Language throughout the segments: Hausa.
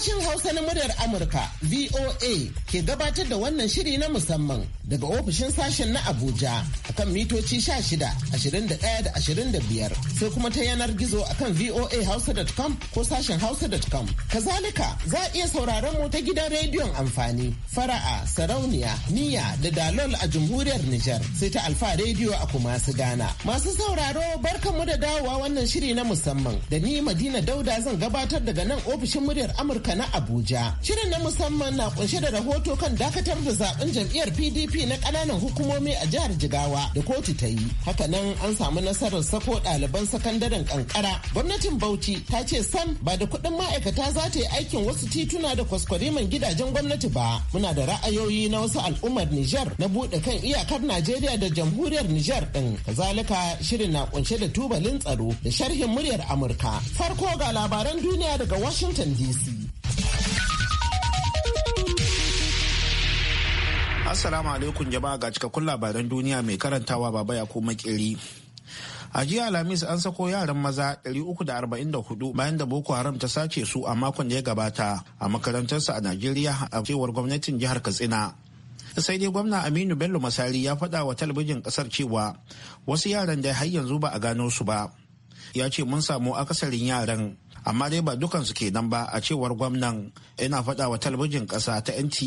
sashen Hausa na muryar Amurka VOA ke gabatar da wannan shiri na musamman daga ofishin sashen na Abuja akan mitoci 16, 21 da 25 sai kuma ta yanar gizo a akan voahausa.com ko sashen hausa.com. Kazalika za a iya sauraron mu ta gidan rediyon amfani fara'a sarauniya niya da dalol a jamhuriyar Nijar sai ta alfa rediyo a kuma su gana. Masu sauraro barkanmu da dawowa wannan shiri na musamman da ni Madina Dauda zan gabatar daga nan ofishin muryar Amurka Amurka na Abuja. Shirin na musamman na kunshe da rahoto kan dakatar da zaben jam'iyyar PDP na ƙananan hukumomi a jihar Jigawa da kotu ta yi. haka nan an samu nasarar sako ɗaliban sakandaren kankara. Gwamnatin Bauchi ta ce sam ba da kuɗin ma'aikata za ta yi aikin wasu tituna da kwaskwariman gidajen gwamnati ba. Muna da ra'ayoyi na wasu al'ummar Nijar na buɗe kan iyakar Najeriya da jamhuriyar Nijar ɗin. Kazalika shirin na kunshe da tubalin tsaro da sharhin muryar Amurka. Farko ga labaran duniya daga Washington DC. Assalamu alaikum jama'a ga cikakkun labaran duniya mai karantawa baba ya kuma kiri. A jiya Alhamis an sako yaran maza 344 bayan da Boko Haram ta sace su a makon da ya gabata a makarantarsa a Najeriya a cewar gwamnatin jihar Katsina. Sai dai gwamna Aminu Bello Masari ya faɗa wa talabijin ƙasar cewa wasu yaran da har yanzu ba a gano su ba. Ya ce mun samu akasarin yaran amma dai ba dukansu nan ba a cewar gwamnan yana faɗa wa talabijin ƙasa ta nta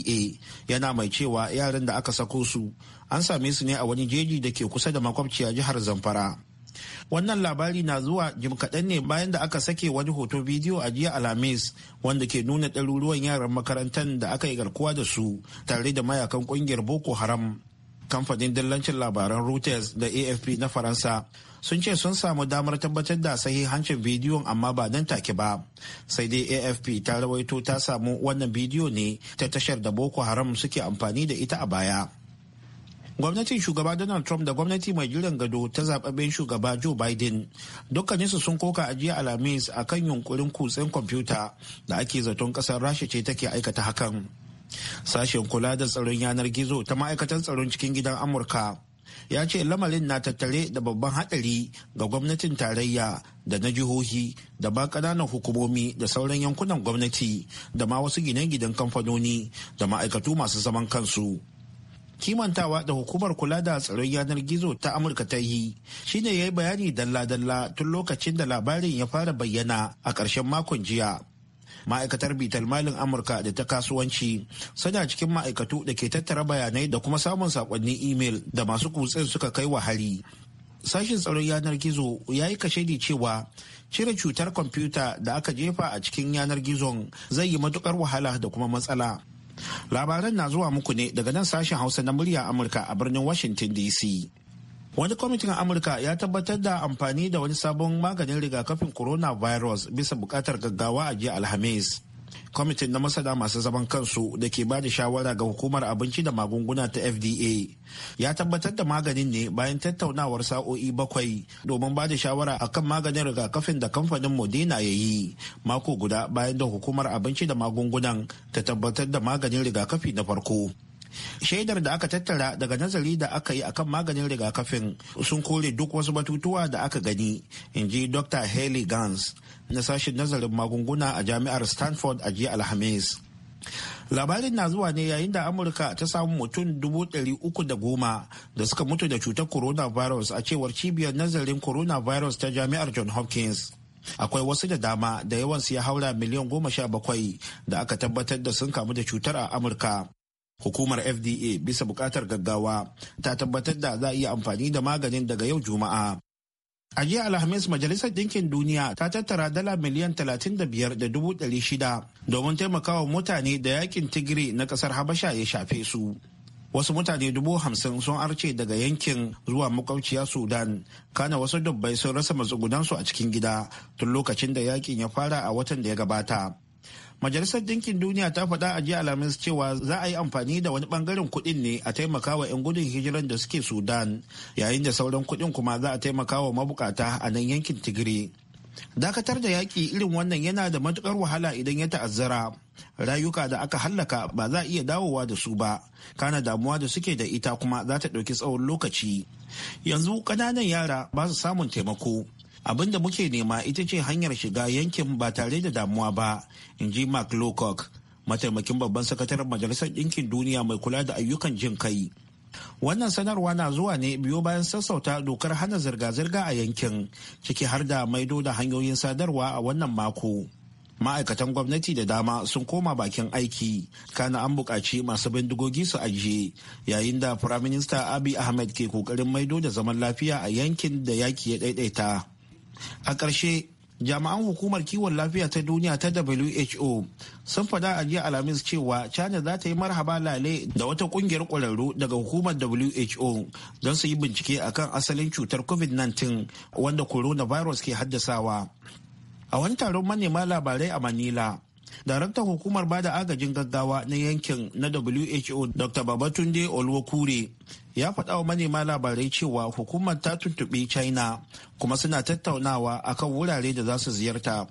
yana mai cewa yaran da aka sako su an same su ne a wani jeji da ke kusa da makwabciya jihar zamfara wannan labari na zuwa jim kaɗan ne bayan da aka sake wani hoto bidiyo a jiya alhamis wanda ke nuna ɗaruruwan yaran makarantar da aka yi garkuwa da su tare da mayakan ƙungiyar boko haram kamfanin dillancin labaran reuters da afp na faransa sun ce sun samu damar tabbatar da sahi hancin bidiyon amma ba nan take ba sai dai afp ta rawaito ta samu wannan bidiyo ne ta tashar da boko haram suke amfani da ita a baya gwamnatin shugaba donald trump da gwamnati mai jiran gado ta zababben shugaba joe biden dukkaninsu sun koka a jiya a kan yunkurin kutsen kwamfuta da ake zaton kasar rasha ce take aikata hakan Sashen kula da tsaron yanar gizo ta ma'aikatan tsaron cikin gidan Amurka ya ce lamarin na tattare da babban haɗari ga gwamnatin tarayya da na jihohi da ba ƙananan hukumomi da sauran yankunan gwamnati da ma wasu gine gidan kamfanoni da ma'aikatu masu zaman kansu. kimantawa da hukumar kula da tsaron yanar gizo ta amurka ta yi shine ya yi bayani dalla-dalla tun lokacin da labarin ya fara bayyana a ƙarshen makon jiya ma'aikatar bitar malin amurka da ta kasuwanci suna cikin ma'aikatu da ke tattara bayanai da kuma samun sakonnin imel da masu kutsen suka kai wa hari sashen tsaron yanar gizo ya yi kashedi cewa cire cutar kwamfuta da aka jefa a cikin yanar gizon zai yi matukar wahala da kuma matsala labaran na zuwa muku ne daga nan sashen hausa na murya amurka a birnin washington dc wani kwamitin amurka ya tabbatar da amfani da wani sabon maganin rigakafin coronavirus bisa bukatar gaggawa a jiya alhamis kwamitin na masana masu zaman kansu da ke ba da shawara ga hukumar abinci da magunguna ta fda ya tabbatar da maganin ne bayan tattaunawar sa'o'i bakwai domin ba da shawara kan maganin rigakafin da kamfanin modena ya yi mako guda bayan da hukumar abinci da magungunan ta tabbatar da maganin rigakafi na farko shaidar da aka tattara daga nazari da aka yi akan maganin rigakafin sun kore duk wasu batutuwa da aka gani in ji dr haley gans na sashen nazarin magunguna a jami'ar stanford a jiya alhamis labarin na zuwa ne yayin da amurka ta samu mutum dubu uku da goma da suka mutu da cutar coronavirus a cewar cibiyar nazarin coronavirus ta jami'ar john hopkins akwai wasu da dama da yawansu ya haura miliyan goma sha bakwai da aka tabbatar da sun kamu da cutar a amurka Hukumar FDA bisa bukatar gaggawa ta tabbatar da za a iya amfani da maganin daga yau Juma'a. A jiya Alhamis Majalisar Dinkin Duniya ta tattara dala miliyan 35,600 domin taimakawa mutane da yakin tigiri na kasar Habasha ya shafe su. Wasu mutane dubu hamsin sun arce daga yankin zuwa makwabciya Sudan, kana wasu dubbai sun rasa matsugunansu a cikin gida tun lokacin da yakin ya fara a watan da ya gabata. Majalisar Dinkin Duniya ta faɗa a jiya Alhamis cewa za a yi amfani da wani bangaren kuɗin ne a taimaka wa 'yan gudun hijiran da suke Sudan, yayin da sauran kuɗin kuma za a taimaka wa mabukata a nan yankin Tigiri. Dakatar da yaƙi irin wannan yana da matukar wahala idan ya ta'azzara. Rayuka da aka hallaka ba za a iya dawowa da su ba, kana damuwa da suke da ita kuma za ta ɗauki tsawon lokaci. Yanzu ƙananan yara ba su samun taimako. abin da muke nema ita ce hanyar shiga yankin ba tare da damuwa ba in ji mark lowcock mataimakin babban sakataren majalisar ɗinkin duniya mai kula da ayyukan jin kai wannan sanarwa na zuwa ne biyo bayan sassauta dokar hana zirga-zirga a yankin ciki har da maido da hanyoyin sadarwa a wannan mako ma'aikatan gwamnati da dama sun koma bakin aiki kana an buƙaci masu bindigogi su ajiye yayin da firaminista abi ahmed ke ƙoƙarin maido da zaman lafiya a yankin da yaki ya ɗaiɗaita a ƙarshe jami'an hukumar kiwon lafiya ta duniya ta who sun faɗa a jiya alhamis cewa china za ta yi marhaba lale da wata ƙungiyar ƙwararru daga hukumar who don su yi bincike akan asalin cutar covid-19 wanda coronavirus ke haddasawa a wani taron manema labarai a manila daraktan hukumar bada agajin gaggawa na yankin na who dr babatunde olwokure ya faɗa wa manema labarai cewa hukumar ta tuntuɓi china kuma suna tattaunawa akan wurare da za su ziyarta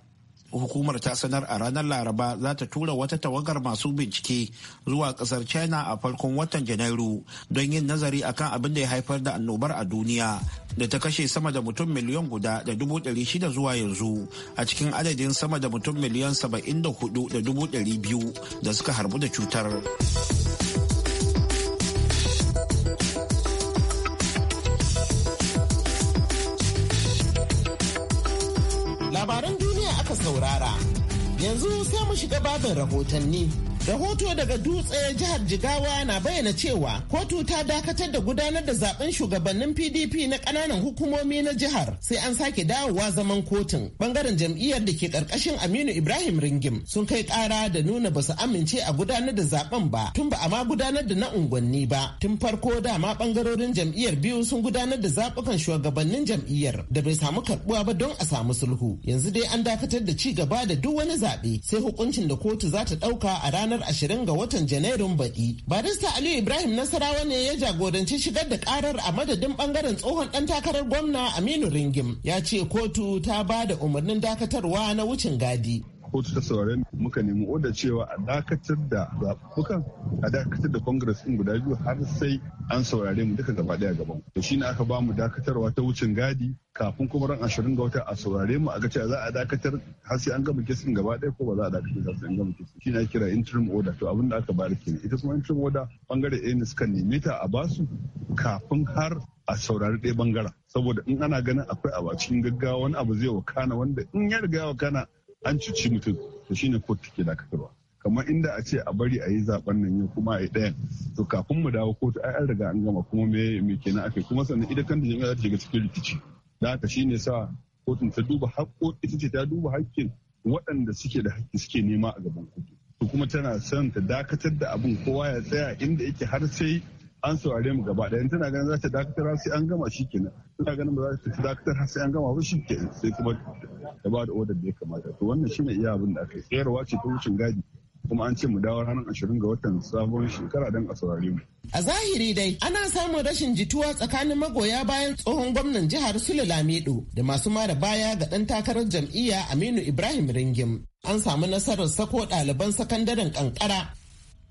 hukumar ta sanar a ranar laraba za ta tura wata tawagar masu bincike zuwa kasar china a farkon watan janairu don yin nazari akan abin da ya haifar da annobar a duniya da ta kashe sama da mutum miliyan guda da dubu ɗari shida zuwa yanzu a cikin adadin sama da mutum miliyan saba'in da hudu da dubu ɗari biyu da suka harbu da cutar. aka saurara. Yanzu sai mu shiga babin rahotanni. Rahoto daga dutse jihar Jigawa na bayyana cewa kotu ta dakatar da gudanar da zaben shugabannin PDP na kananan hukumomi na jihar sai an sake dawowa zaman kotun. Bangaren jam'iyyar da ke karkashin Aminu Ibrahim Ringim sun kai kara da nuna ba su amince a gudanar da zaben ba tun ba a ma gudanar da na unguwanni ba. Tun farko dama bangarorin jam'iyyar biyu sun gudanar da zabukan shugabannin jam'iyyar da bai samu karbuwa ba don a samu sulhu. Yanzu dai an dakatar da ci gaba da duk wani zaɓe sai hukuncin da kotu za ta ɗauka a ranar ranar 20 ga watan Janairun baɗi. Barista Aliyu Ibrahim Nasarawa ne ya jagoranci shigar da karar a madadin bangaren tsohon ɗan takarar gwamna Aminu Ringim. Ya ce kotu ta ba da umarnin dakatarwa na wucin gadi. kotu ta saurari muka nemi oda cewa a dakatar da zaɓuɓɓukan a dakatar da congress ɗin guda biyu har sai an saurare mu duka gaba daya gaban to shine aka ba mu dakatarwa ta wucin gadi kafin kuma ran ashirin ga wata a saurare mu a ga cewa za a dakatar har sai an gama kesin gaba daya ko ba za a dakatar har sai an gama kesin shine kira interim order to abin da aka bayar kenan ita kuma interim order bangare ɗaya ne suka neme ta a basu kafin har a saurari ɗaya bangaren saboda in ana ganin akwai abu a cikin gaggawa wani abu zai wakana wanda in ya riga wakana an cuci mutum to shine court take dakatarwa kamar inda a ce a bari a yi zaben nan yau kuma a yi ɗayan to kafin mu dawo kotu ai an riga an gama kuma me me kenan aka kuma sannan idan kanta jami'a za ta cikin rikici da haka shine sa kotun ta duba hakko ita ce ta duba hakkin waɗanda suke da hakki suke nema a gaban kotu to kuma tana son ta dakatar da abin kowa ya tsaya inda yake har sai an saurare mu gaba ɗaya tana ganin za ta dakatar har sai an gama shi kenan tana ganin ba za ta dakatar har sai an gama ba shi kenan sai kuma ta ba da odar da ya kamata to wannan shi ne iya abin da aka yi tsayarwa ce ta wucin gadi kuma an ce mu dawo ranar ashirin ga watan sabon shekara don a saurare mu. A zahiri dai ana samun rashin jituwa tsakanin magoya bayan tsohon gwamnan jihar Sule Lamido da masu mara baya ga ɗan takarar jam'iyya Aminu Ibrahim Ringim. An samu nasarar sako ɗaliban sakandaren kankara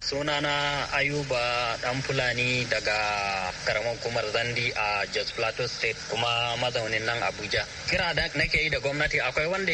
Sunana Ayuba Dan Fulani daga karamar kumar Zandi a Jos Plateau State kuma mazaunin nan Abuja. Kira da nake yi da gwamnati akwai wanda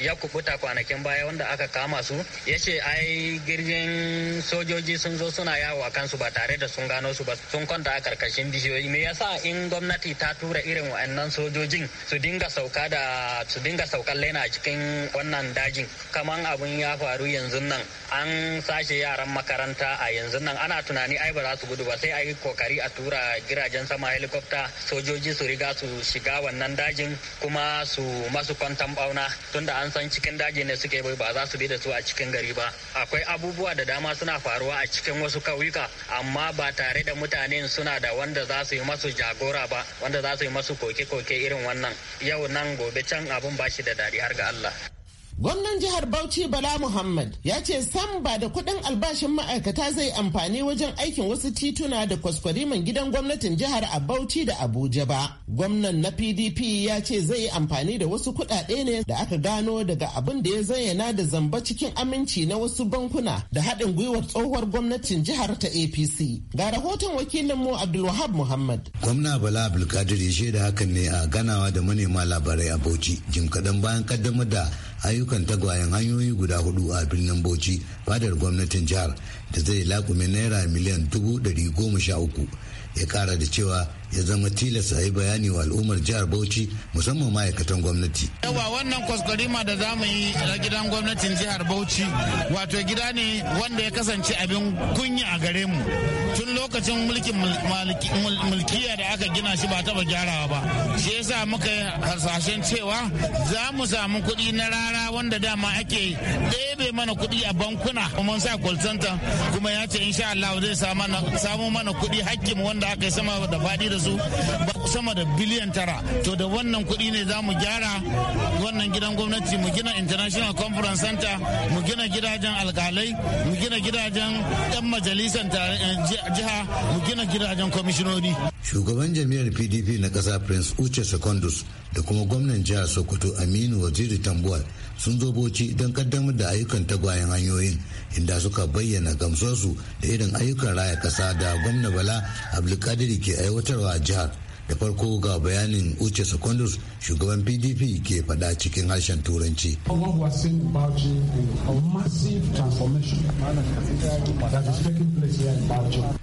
ya kubuta kwanakin baya wanda aka kama su ya ce ai girgin sojoji sun zo suna yawo a kansu ba tare da sun gano su ba sun kwanta a karkashin bishiyoyi me yasa in gwamnati ta tura irin wa'annan sojojin su dinga sauka da su dinga saukan lena cikin wannan dajin kaman abun ya faru yanzu nan an sashe yaran makaranta a yanzu nan ana tunani ai ba za su gudu ba sai a yi kokari a tura girajen sama helikofta sojoji su riga su shiga wannan dajin kuma su masu kwantan bauna tunda an san cikin daji ne suke bai ba za su bi da su a cikin gari ba akwai abubuwa da dama suna faruwa a cikin wasu kauyuka amma ba tare da mutane suna da wanda za su yi masu jagora ba wanda za su yi masu koke-koke irin wannan yau nan gobe can abun ba shi da dadi har ga Allah. Gwamnan jihar Bauchi Bala Muhammad ya ce sam ba da kuɗin albashin ma'aikata zai amfani wajen aikin wasu tituna da kwaskwariman gidan gwamnatin jihar a Bauchi da Abuja ba. Gwamnan na PDP ya ce zai yi amfani da wasu kuɗaɗe ne da aka gano daga abin da ya zayyana da zamba cikin aminci na wasu bankuna da haɗin gwiwar tsohuwar gwamnatin jihar ta APC. Ga rahoton mu Abdulwahab Muhammad. Gwamna Bala Abdulkadir ya shaida hakan ne a ganawa da manema labarai a Bauchi jim kaɗan bayan kaddamar da ayyukan tagwayen hanyoyi guda hudu a birnin bauchi fadar gwamnatin jihar da zai lakume naira miliyan dubu ɗari goma sha uku ya ƙara da cewa ya zama tilasta a yi bayani wa al'ummar jihar Bauchi musamman ma'aikatan gwamnati. Yawa wannan kwaskwarima da za mu yi a gidan gwamnatin jihar Bauchi wato gida ne wanda ya kasance abin kunya a gare mu. Tun lokacin mulkin mulkiya da aka gina shi ba taba gyarawa ba. Shi yasa muka yi harsashen cewa za mu samu kuɗi na rara wanda dama ake ɗebe mana kuɗi a bankuna kuma sa kwalsanta kuma ya ce insha Allah zai samu mana kuɗi hakkin wanda aka yi sama da faɗi da su sama da biliyan tara to da wannan kuɗi ne za mu gyara wannan gidan gwamnati mu gina international conference center mu gina gidajen alkalai mu gina gidajen yan majalisar eh, jiha mu gina gidajen kwamishinoni shugaban jami'ar pdp na ƙasa prince uche secondus da kuma gwamnan jihar sokoto aminu waziri tambuwal sun zo boci don kaddamar da ayyukan tagwayen hanyoyin inda suka bayyana gamsuwarsu da irin ayyukan raya kasa da gwamna bala abdulkadiri ke aiwatarwa a jihar da farko ga bayanin uche secondus shugaban pdp ke fada cikin harshen turanci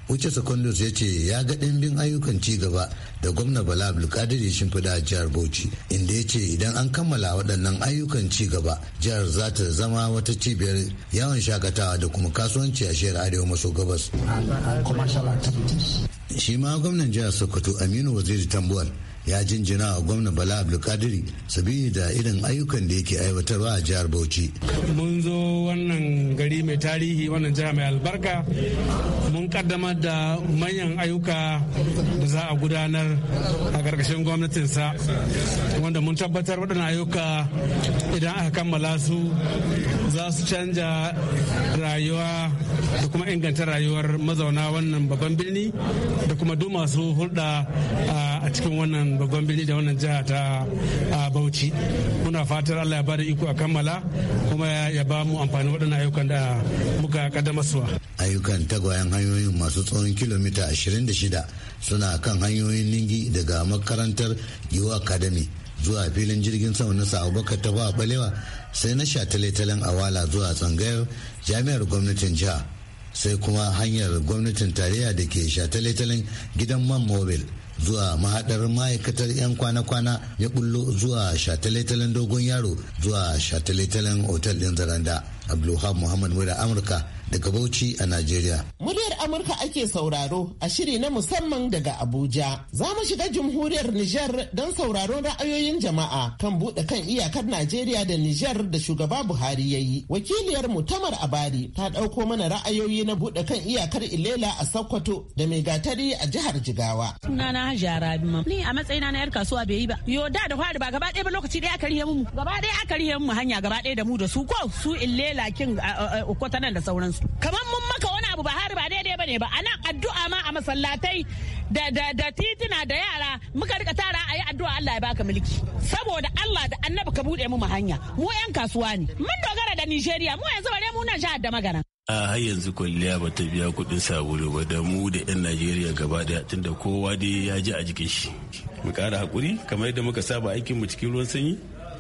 wuce secondus ya ce ya ga ɗimbin ayyukan ci gaba da gwamna bala abdulkadir ya shimfiɗa a jihar bauchi inda ya ce idan an kammala waɗannan ayyukan ci gaba jihar za ta zama wata cibiyar yawon shakatawa da kuma kasuwanci a shiyar arewa maso gabas shi ma gwamnan jihar sokoto aminu waziri tambuwal ya jinjina a gwamna bala abdulkadiri sabili da irin ayyukan da yake aiwatarwa a jihar bauchi mun zo wannan gari mai tarihi wannan jiha mai albarka mun kaddamar da manyan ayyuka da za a gudanar a ƙarƙashin gwamnatinsa wanda mun tabbatar waɗannan ayyuka idan aka kammala su za su canja rayuwa da kuma inganta rayuwar mazauna wannan babban birni da kuma duk masu hulɗa a cikin wannan babban birni da wannan jiha ta bauchi muna fatar allah ya bada iko a kammala kuma ya ba mu amfani waɗannan ayyukan da muka kaddamar suwa ayyukan tagwayen hanyoyin masu tsawon kilomita 26 suna kan hanyoyin ningi daga makarantar yiwu academy zuwa filin jirgin sama na sa'abubakar ta ba balewa sai na shataletalen awala zuwa tsangayar jami'ar gwamnatin jiha sai kuma hanyar gwamnatin tarayya da ke shataletalen gidan man mobil zuwa mahadar ma'aikatar 'yan kwana-kwana ya bullo zuwa shataletalen dogon yaro zuwa shataletalen otal ɗin zaranda abdulham muhammad mura amurka daga Bauchi a Najeriya. Muryar Amurka ake sauraro a shiri na musamman daga Abuja. Za mu shiga jamhuriyar Nijar don sauraron ra'ayoyin jama'a kan buɗe kan iyakar Najeriya da Nijar da shugaba Buhari ya yi. Wakiliyar mu Tamar Abari ta ɗauko mana ra'ayoyi na buɗe kan iyakar Ilela a Sokoto da mai gatari a jihar Jigawa. Sunana Hajiya Rabi Ni a matsayina na yar kasuwa bai yi ba. Yo da da fari ba gaba ɗaya ba lokaci ɗaya aka rihe mu. Gaba ɗaya aka rihe mu hanya gaba ɗaya da mu da su ko su Ilela kin ukwatanan da sauransu. kamar mun maka wani abu ba har ba daidai bane ba anan addu'a ma a masallatai da da da titina da yara muka rika tara ayi addu'a Allah ya baka mulki saboda Allah da annabi ka bude mu hanya mu yan kasuwa ne mun dogara da Nigeria mu yanzu bare mu nan jihar da magana a har yanzu kwalliya ba ta biya kudin sabulu ba da mu da 'yan najeriya gaba daya tunda kowa dai ya ji a jikin shi mu kara hakuri kamar yadda muka saba aikin mu cikin ruwan sanyi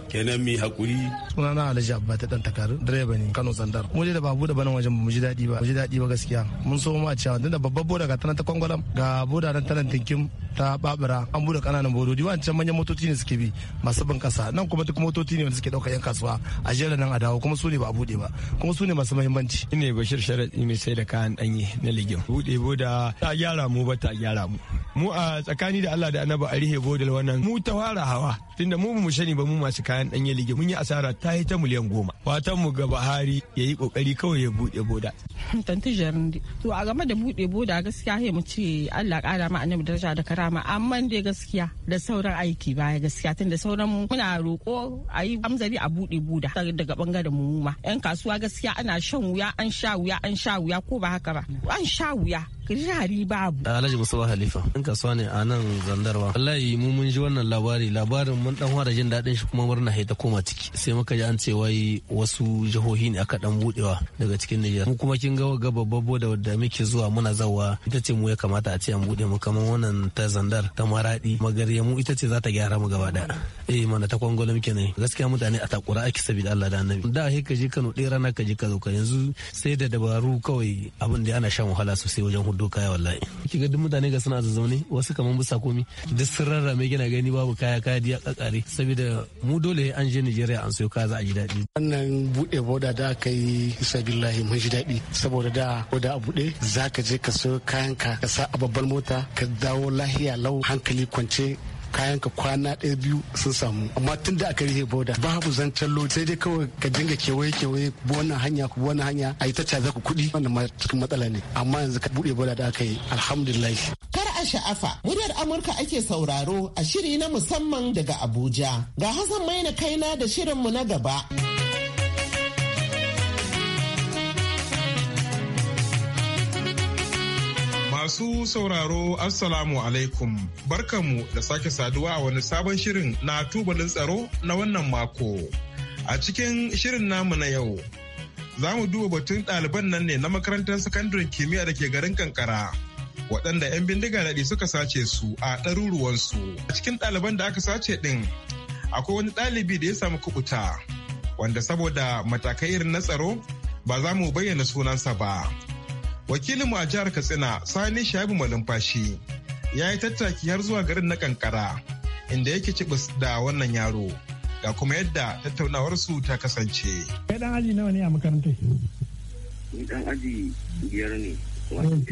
kenan mi hakuri sunana alhaji abba ta dan takar direba ne kano zandar. mu da babu da banan wajen mu ji daɗi ba mu ji daɗi ba gaskiya mun so mu a cewa da babban boda ga tana ta kwangwalam ga boda nan tanan tinkin ta babura an bude kananan bododi wancan manyan motoci ne suke bi masu bin kasa nan kuma duk motoci ne wanda suke ɗaukar yan kasuwa a jera nan a dawo kuma su ne ba a bude ba kuma su ne masu mahimmanci ne bashir sharad mai sai da kayan danye na ligim bude boda ta gyara mu ba ta gyara mu mu a tsakani da Allah da Annabi a rihe bodal wannan mu ta fara hawa tunda mu mu shani ba mu masu kayan kayan ɗanye lige mun yi asara ta yi ta miliyan goma fatan mu ga bahari ya yi kokari kawai ya buɗe boda. Tantu jarumi to a game da buɗe boda gaskiya sai mu ce Allah ƙara ma annabi daraja da karama amma dai gaskiya da sauran aiki baya gaskiya tunda sauran muna roƙo a yi amzari a buɗe boda daga bangaren mu ma 'yan kasuwa gaskiya ana shan wuya an sha wuya an sha wuya ko ba haka ba an sha wuya kirari babu. Alhaji Musa Halifa, in kasuwa ne a nan zandarwa. Wallahi mu mun ji wannan labari, labarin mun dan fara jin daɗin shi kuma murna ana haita koma ciki sai muka ji an ce wai wasu jihohi ne aka dan budewa daga cikin Nijar mu kuma kin ga ga babbar boda da muke zuwa muna zawa ita ce mu ya kamata a ce an bude mu kamar wannan ta zandar ta maradi magarya mu ita ce za ta gyara mu gaba da eh mana ta kwangolo muke ne gaskiya mutane a takura ake sabida Allah da annabi da he ka je Kano ɗaya rana ka ji ka zo ka yanzu sai da dabaru kawai abin da ana shan wahala sosai wajen hudu kaya wallahi ki ga duk mutane ga suna zazzaune wasu kaman bisa komi duk sun rarrame gina gani babu kaya kaya diya kakare saboda mu dole dole an je Nigeria an sayo za a ji daɗi. Wannan buɗe boda da aka yi isa billahi mun ji daɗi saboda da boda a buɗe za ka je ka sayo kayan ka sa a babbar mota ka dawo lahiya lau hankali kwance kayan ka kwana ɗaya biyu sun samu amma tun da aka rihe boda babu zancen lo sai dai kawai ka dinga kewaye kewaye ku wannan hanya ku wannan hanya a yi ta caza kuɗi wannan ma cikin matsala ne amma yanzu ka buɗe boda da aka yi alhamdulillah a sha'afa muryar Amurka ake sauraro a shiri na musamman daga Abuja. Ga Hassan Maina kaina da shirinmu na gaba. Masu sauraro Assalamu alaikum barkanmu da sake saduwa a wani sabon shirin na tubalin tsaro na wannan mako. A cikin shirin namu na yau, za mu duba batun ɗaliban nan ne na makarantar sakandaren kimiyya da ke garin kankara. waɗanda 'yan bindiga daɗi suka sace su a ɗaruruwansu. A cikin ɗaliban da aka sace ɗin akwai wani ɗalibi da ya samu kubuta wanda saboda matakai irin na tsaro ba za mu bayyana sunansa ba. Wakilinmu a jihar Katsina Sani Shabu Malumfashi ya yi tattaki har zuwa garin na kankara inda yake cibis da wannan yaro. ga kuma yadda tattaunawarsu ta kasance. Kai dan aji nawa ne a makarantar? dan aji biyar ne, wani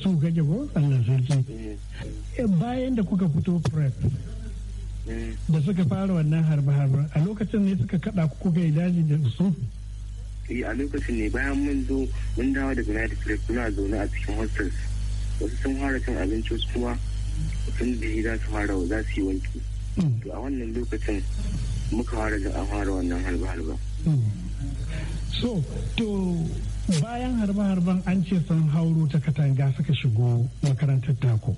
su gaje ko Allah sarki eh. Eh, bayan da kuka fito prep eh. da suka fara wannan harba-harba a lokacin ne suka kada ku kuka yi daji da su a lokacin ne bayan mun zo mun dawo daga united states muna zaune a cikin hostels wasu sun fara cin abinci wasu kuma sun biyi za su fara za su yi wanki hmm. to a wannan lokacin muka fara da an fara wannan harba-harba hmm. so to bayan harba harban an ce sun hauro ta katanga suka shigo makarantar tako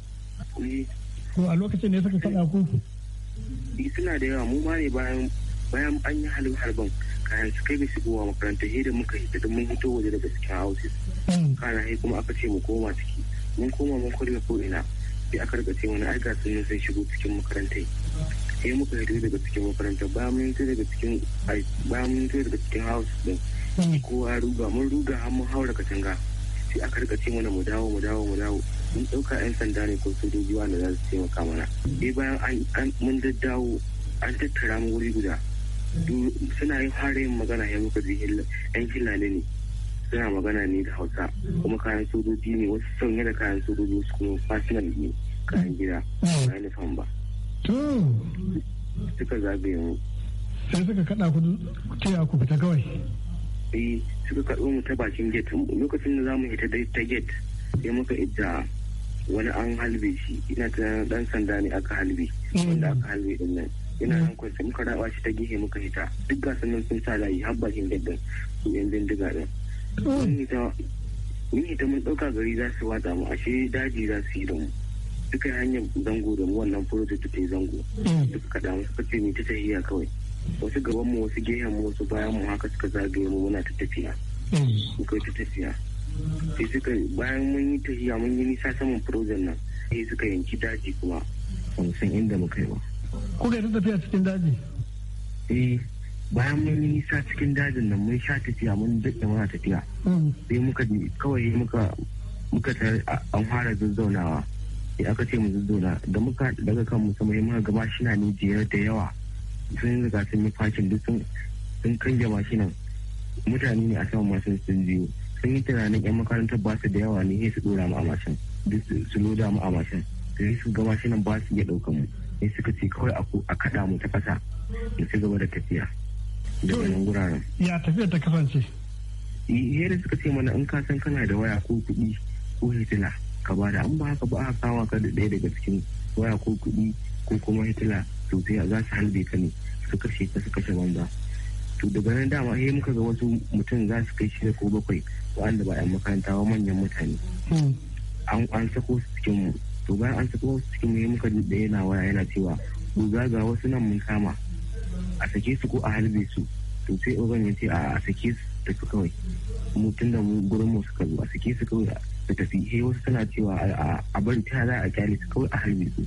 ko a lokacin ne suka kada ku eh, suna da yawa mu ma ne bayan bayan an yi halin harban kayan su kai bai shigowa makarantar hidin da muka hita da mun hito waje daga cikin houses hmm. kana he kuma aka ce mu koma ciki mun koma mun kurya ko ina sai aka rika ce wani aika sun yi sai shigo cikin makarantar. sai muka hito daga cikin makarantar bayan mun hito daga cikin bayan mun hito daga cikin din kowa ruga mun ruga mun haura katanga sai aka rika ce mana mu dawo mu dawo mu dawo mun ɗauka 'yan sanda ne ko sojoji wanda za su taimaka mana sai bayan mun daddawo an tattara mu wuri guda suna yin fara yin magana ya muka ji yan filani ne suna magana ne da hausa kuma kayan sojoji ne wasu sanya da kayan sojoji wasu kuma fasinan ne kayan gida ba uniform ba suka zagaye mu sai suka kaɗa ku taya ku fita kawai sai suka karɓo mu ta bakin gate lokacin da zamu hita dai ta gate sai muka idda wani an halbe shi ina ta dan sanda ne aka halbe wanda aka halbe din nan ina nan mm. sai muka raba shi ta gehe muka hita duk gasan nan sun sa layi har bakin gate din su yan diga din mm. mun hita mun ɗauka gari za su watsa mu ashe daji za su yi da mu duka hanyar zango da mu wannan project ta zango duka mm. kaɗa mu suka ce ni ta tahiya kawai wasu gaban mu wasu gehen mu wasu bayan mu haka suka zagaye mu muna ta tafiya mm. muka ta tafiya sai suka bayan mun yi tafiya mun yi nisa saman frozen nan sai suka yanki daji kuma ban san inda muka yi ba kuka ta tafiya cikin daji eh bayan mun yi nisa cikin dajin nan mun sha tafiya mun daɗe muna tafiya mm. sai muka kawai muka muka ta an fara zazzaunawa sai aka ce mu zazzauna da muka daga kan mu sama muka gaba shi na ne jiyar da yawa sun riga sun yi fashin duk sun kai jama shi nan mutane ne a saman masu sun biyu sun yi tunanin yan makarantar ba su da yawa ne sai su dora mu a mashin duk su loda mu a mashin sai su gaba shi nan ba su iya ɗaukan mu sai suka ce kawai a kaɗa mu ta ƙasa da su gaba da tafiya da wannan guraren. ya tafiya ta kasance. yadda suka ce mana in ka san kana da waya ko kuɗi ko hitila ka bada an ba haka ba a kama ka da ɗaya daga cikin waya ko kuɗi ko kuma hitila to sai za su halbe ka ne su kashe ta su kashe banza to daga nan dama sai muka ga wasu mutum za su kai shida ko bakwai wanda ba yan makaranta ba manyan mutane hmm. an an sako su cikin mu to bayan an sako su cikin mu muka da yana waya yana cewa to ga ga wasu nan mun kama a sake su ko a halbe su to sai ogan ya ce a sake su tafi kawai mu da mu gurin mu suka zo a sake su kawai su tafi sai wasu suna cewa a bari ta za a kyale su kawai a halbe su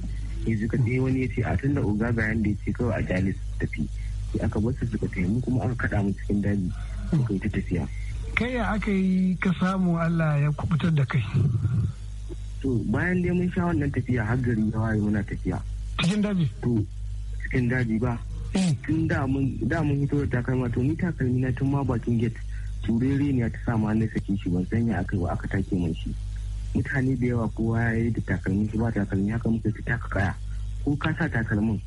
sai suka ɗaya wani ya ce a tun da oga ga yanda ya ce kawai a jalis tafi sai aka bar su suka tafi kuma aka kaɗa mu cikin daji suka yi ta tafiya. kai ya aka yi ka samu Allah ya kubutar da kai. to bayan da mun sha wannan tafiya har gari ya waye muna tafiya. cikin daji. to cikin daji ba. Eh. tun da mun hito da takalma to ni takalmi na tun ma bakin gate turere ne ta sa ma na sake shi ban sanya aka yi wa aka take mun shi. mutane da yawa kowa ya yi da takalmi su ba takalmi haka muka fi taka kaya ko ka sa takalmin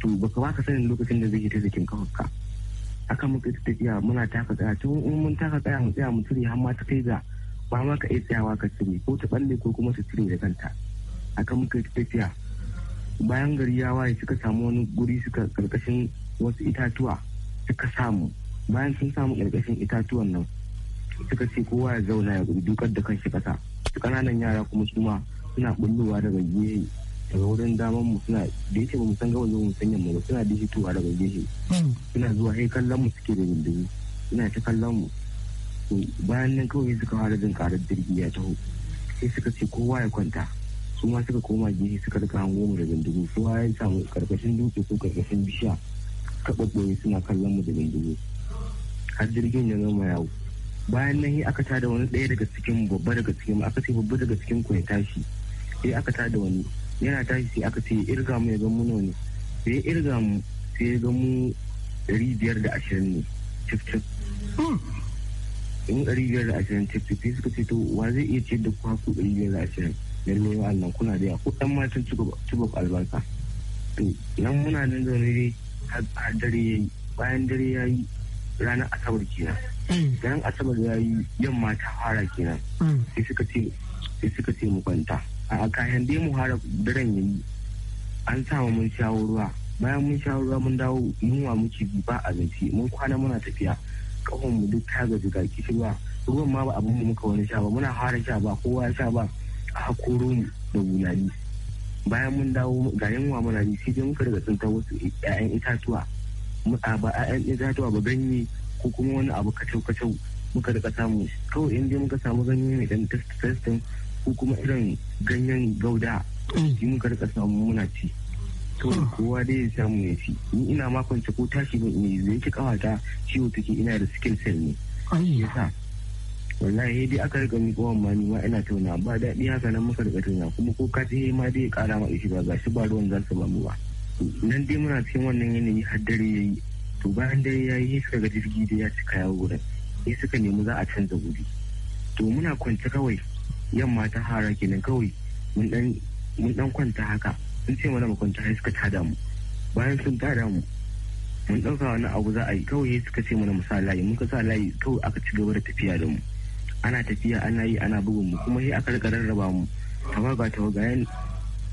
to ba ka sanin lokacin da zai yi ta jikin kafarka haka muka ta tafiya muna taka kaya tun in mun taka kaya mu tsaya mu cire har ma ta kai ga ba ma ka iya tsayawa ka cire ko ta balle ko kuma ta cire da kanta haka muka ta tafiya bayan gari ya waye suka samu wani guri suka karkashin wasu itatuwa suka samu bayan sun samu karkashin itatuwan nan suka ce kowa ya zauna ya dukar da kanshi kasa kananan yara kuma su ma suna bullowa daga gehe daga wurin daman mu suna da yake ba mu san gaban mu san yamma ba suna dishitowa daga gehe hmm. suna zuwa sai eh, kallon mu suke da bindigi suna ta kallon mu bayan nan kawai suka fara jin karar jirgi ya taho sai suka ce kowa ya kwanta su ma suka koma gehe suka rika hango mu da bindigi su ma ya samu karkashin dutse ko karkashin bishiya suka suna kallon mu da bindigi har jirgin ya zama yawo bayan nan aka ta da wani ɗaya daga cikin babba daga cikin aka ce babba daga cikin ku ya tashi sai aka ta da wani yana tashi sai aka ce irga mu ya ga mu ne sai irga mu sai ya ga ɗari biyar da ashirin ne cif cif in ɗari biyar da ashirin cif cif sai suka ce to wa zai iya ciyar da kuwa ku ɗari biyar da ashirin ne wa Allah kuna da ko ɗan matan cibok albarka to nan muna nan zaune dai har dare ya yi bayan dare ya yi ranar asabar kenan mm. ranar asabar ya yi yamma ta fara kenan mm. sai suka ce mu kwanta a kayan dai mu fara daren yi an sama mun shawo ruwa bayan mun shawo mun dawo yunwa muke bi ba abinci mun kwana muna tafiya kafin mu duk ta gaji ga ruwa ruwan ma ba abin mu muka wani sha ba muna fara sha ba kowa ya sha ba a hakoro mu da bulali bayan mun dawo ga yunwa muna bi sai dai muka daga ta wasu 'ya'yan itatuwa ba a itatuwa ba ganye ko kuma wani abu kacau kacau muka rika samu kawai in dai muka samu ganye mai dan testin ko kuma irin ganyen gauda shi muka rika samu muna ci to kowa dai ya samu ya ci ni ina makonce ko tashi ba ne zai ki kawata ciwo take ina da skill cell ne yasa wallahi dai aka rika mi kowan ma ma ina tauna ba daɗi haka nan muka rika tauna kuma ko ka ma dai ya ƙara ma ishi ba gashi ba ruwan za su ba mu ba nan dai muna cikin wannan yanayi har dare yayi to bayan dare yayi sai ga jirgi da ya cika ya wurin sai suka nemi za a canza wuri to muna kwance kawai yamma ta hara kenan kawai mun dan kwanta haka sun ce mana mu kwanta sai suka tada mu bayan sun tada mu mun dauka wani abu za a yi kawai suka ce mana mu sa layi muka sa layi kawai aka ci gaba da tafiya da mu ana tafiya ana yi ana bugun mu kuma sai aka rarraba mu tawaga tawaga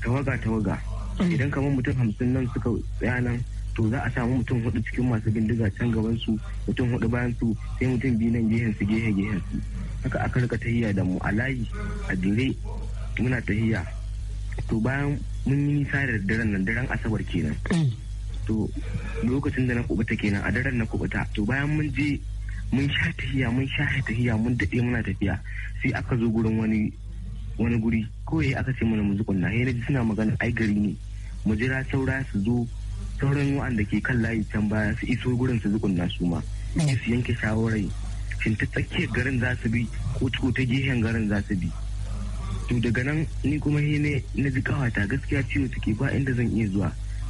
tawaga tawaga idan kamar mutum hamsin nan suka tsaya nan to za a samu mutum hudu cikin masu bindiga can gaban su mutum hudu bayan su sai mutum biyu nan gehen su gehe gehen su haka aka rika tahiya da mu a layi a dire muna tahiya to bayan mun yi nisa da daren nan daren asabar kenan to lokacin da na kubuta kenan a daren na kubuta to bayan mun je mun sha tahiya mun sha tahiya mun daɗe muna tafiya sai aka zo gurin wani wani guri kawai aka ce mana mu na ji suna magana ai gari ne mu jira saura su zo sauran wa'anda ke kan layi can baya su iso gurin su zukunna su ma su mm. yanke shawarai shin ta tsakiyar garin za su bi ko ciko ta gehen garin za su bi to daga nan ni kuma ne na ji kawata gaskiya ciwo take ba inda zan iya zuwa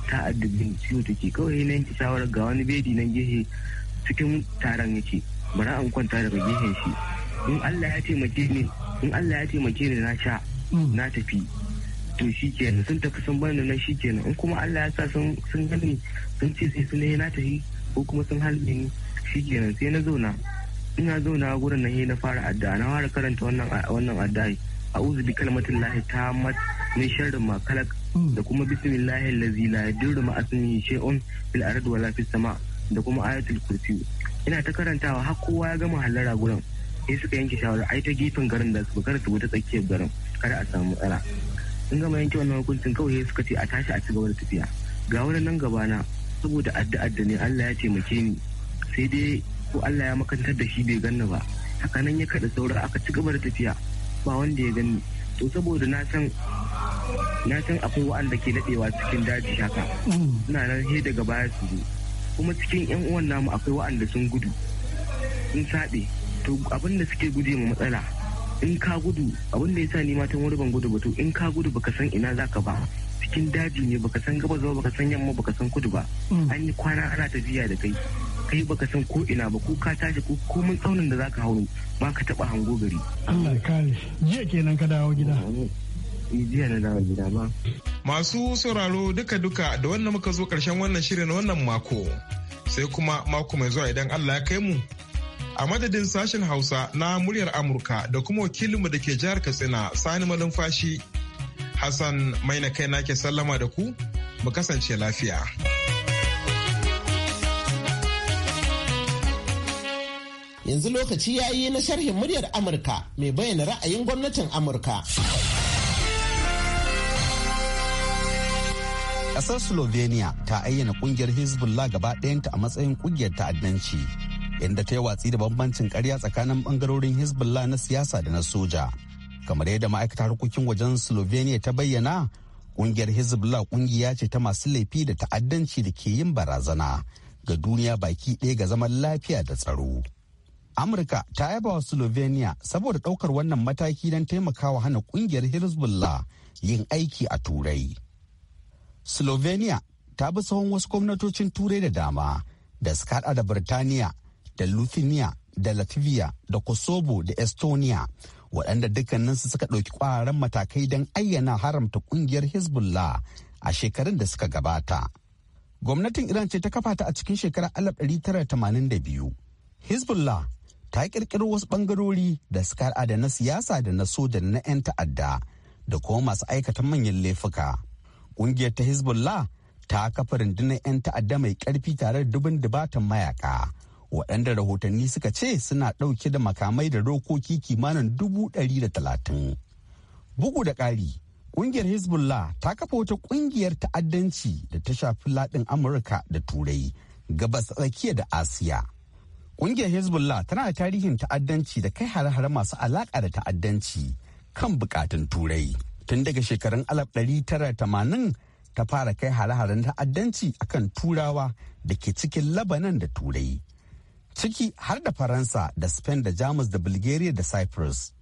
ta addabin ciwo take kawai na yanke shawarar ga wani bedi nan gehe cikin taron yake bari an kwanta daga gehen shi in Allah ya taimake ni in Allah ya taimake ni na sha mm. na tafi to shi kenan sun tafi sun bani nan shi kenan in kuma Allah ya sa sun sun gani sun ce sai sun na tafi ko kuma sun halbe ni shi kenan sai na zauna ina zauna gurin nan na fara addu'a na fara karanta wannan wannan addu'a a'udhu bi kalmatin tammat min sharri ma khalaq da kuma bismillahi allazi la yadurru ma asmihi shay'un fil ardi wala fis sama' da kuma ayatul kursi ina ta karantawa har kowa ya gama hallara gurin sai suka yanke shawara ai ta gefen garin da su kada su wuta tsakiyar garin kada a samu matsala in gama yanke wannan hukuncin kawai suka ce a tashi a cigaba da tafiya ga wani nan na saboda addu'ar da ne Allah ya taimake ni sai dai ko Allah ya makantar da shi bai ganna ba haka nan ya kada saura aka ci gaba da tafiya ba wanda ya ganni to saboda na san na san akwai wa'anda ke nadewa cikin daji haka suna nan he daga baya su zo kuma cikin yan uwan namu akwai wa'anda sun gudu sun sabe to abin da suke guje ma matsala in ka gudu abin da yasa ni ta wani gudu ba to in ka gudu baka san ina zaka ba cikin daji ne baka san gaba zuwa baka san yamma baka san kudu ba mm. an yi kwana ana tafiya da kai kai baka san ko ina ba ko ka tashi ko komai tsaunin da zaka hauro ba ka taba hango gari Allah kare jiya kenan ka dawo gida jiya na dawo gida ba masu sauraro duka duka da wannan muka zo karshen wannan shirin wannan mako sai kuma mako mai zuwa idan Allah ya kai mu a madadin sashen hausa na muryar amurka da kuma wakilinmu da ke jihar katsina sani malumfashi hassan mai na kai ke sallama da ku mu kasance lafiya yanzu lokaci ya yi na sharhin muryar amurka mai bayyana ra'ayin gwamnatin amurka Ƙasar Slovenia ta ayyana ƙungiyar Hezbollah gaba ɗayanta a matsayin ƙungiyar ta'addanci. inda ta yi watsi da bambancin karya tsakanin bangarorin hezbollah na siyasa da na soja kamar yadda ma'aikatar harkokin wajen slovenia ta bayyana kungiyar hezbollah kungiya ce ta masu laifi da ta'addanci da ke yin barazana ga duniya baki ɗaya ga zaman lafiya da tsaro amurka ta yaba wa slovenia saboda ɗaukar wannan mataki don taimakawa hana kungiyar hezbollah yin aiki a turai slovenia ta bi sahun wasu gwamnatocin turai da dama da suka haɗa da birtaniya da lithuania da latvia da kosovo da estonia waɗanda dukkaninsu suka ɗauki ƙwararren matakai don ayyana haramta ƙungiyar hezbollah a shekarun da suka gabata gwamnatin iran ce ta kafa ta a cikin shekarar 1982 hezbollah ta ƙirƙiro wasu ɓangarori da suka da na siyasa da na soja na 'yan ta'adda da kuma masu aikata manyan laifuka ƙungiyar ta hezbollah ta kafa rundunar 'yan ta'adda mai ƙarfi tare da dubin dubatan mayaka waɗanda rahotanni suka ce suna ɗauke da makamai da rokoki kimanin dubu ɗari da talatin. Bugu da ƙari, ƙungiyar Hezbollah ta kafa wata ƙungiyar ta'addanci da ta shafi laɗin Amurka da Turai, gabas tsakiya da Asiya. Ƙungiyar Hezbollah tana da tarihin ta'addanci da kai har hare masu alaƙa da ta'addanci kan buƙatun Turai. Tun daga shekarun ɗari tara tamanin ta fara kai hare-haren ta'addanci akan Turawa da ke cikin Labanan da Turai. ciki har da faransa da spain da jamus da bulgaria da cyprus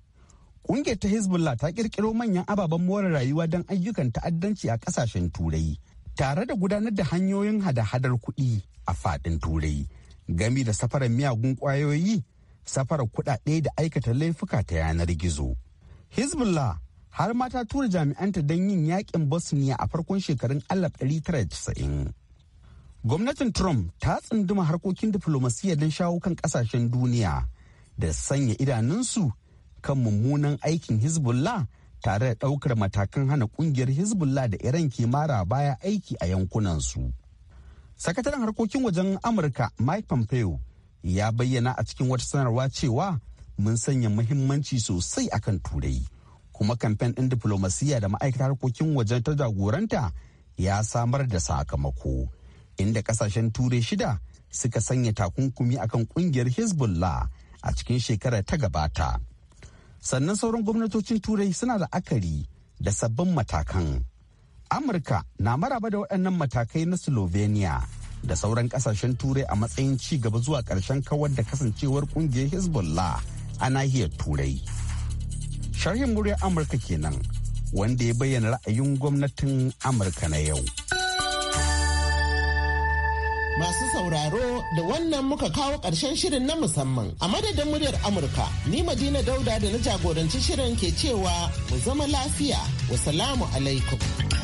ƙungiyar ta hezbollah ta ƙirƙiro manyan ababen more rayuwa don ayyukan ta'addanci a ƙasashen turai tare da gudanar da hanyoyin hada-hadar kuɗi a faɗin turai gami da safarar miyagun ƙwayoyi safarar kuɗaɗe da aikata laifuka ta yanar gizo hezbollah har ma ta tura jami'anta don yin yakin bosnia a farkon shekarun ɗari tara 1990 gwamnatin trump ta tsunduma harkokin diflomasiyya don shawo kan kasashen duniya da sanya idanunsu kan mummunan aikin hezbollah tare da ɗaukar matakan hana ƙungiyar hezbollah da iran ke mara baya aiki a yankunansu sakataren harkokin wajen amurka mike pompeo ya bayyana a cikin wata sanarwa cewa mun sanya muhimmanci sosai akan turai kuma kamfen ɗin diflomasiyya da ma'aikatar harkokin waje ta jagoranta ya samar da sakamako. inda kasashen turai shida suka sanya takunkumi akan kungiyar hezbollah a cikin shekarar ta gabata sannan sauran gwamnatocin turai suna da akari da sabbin matakan amurka na maraba da waɗannan matakai na slovenia da sauran kasashen turai a matsayin ci gaba zuwa ƙarshen kawar da kasancewar kungiyar hezbollah a nahiyar turai sharhin muryar amurka kenan wanda ya bayyana ra'ayin gwamnatin amurka na yau. Masu sauraro da wannan muka kawo ƙarshen shirin na musamman a madadin muryar Amurka. Ni Madina Dauda da na jagoranci shirin ke cewa mu zama lafiya. Wasalamu alaikum.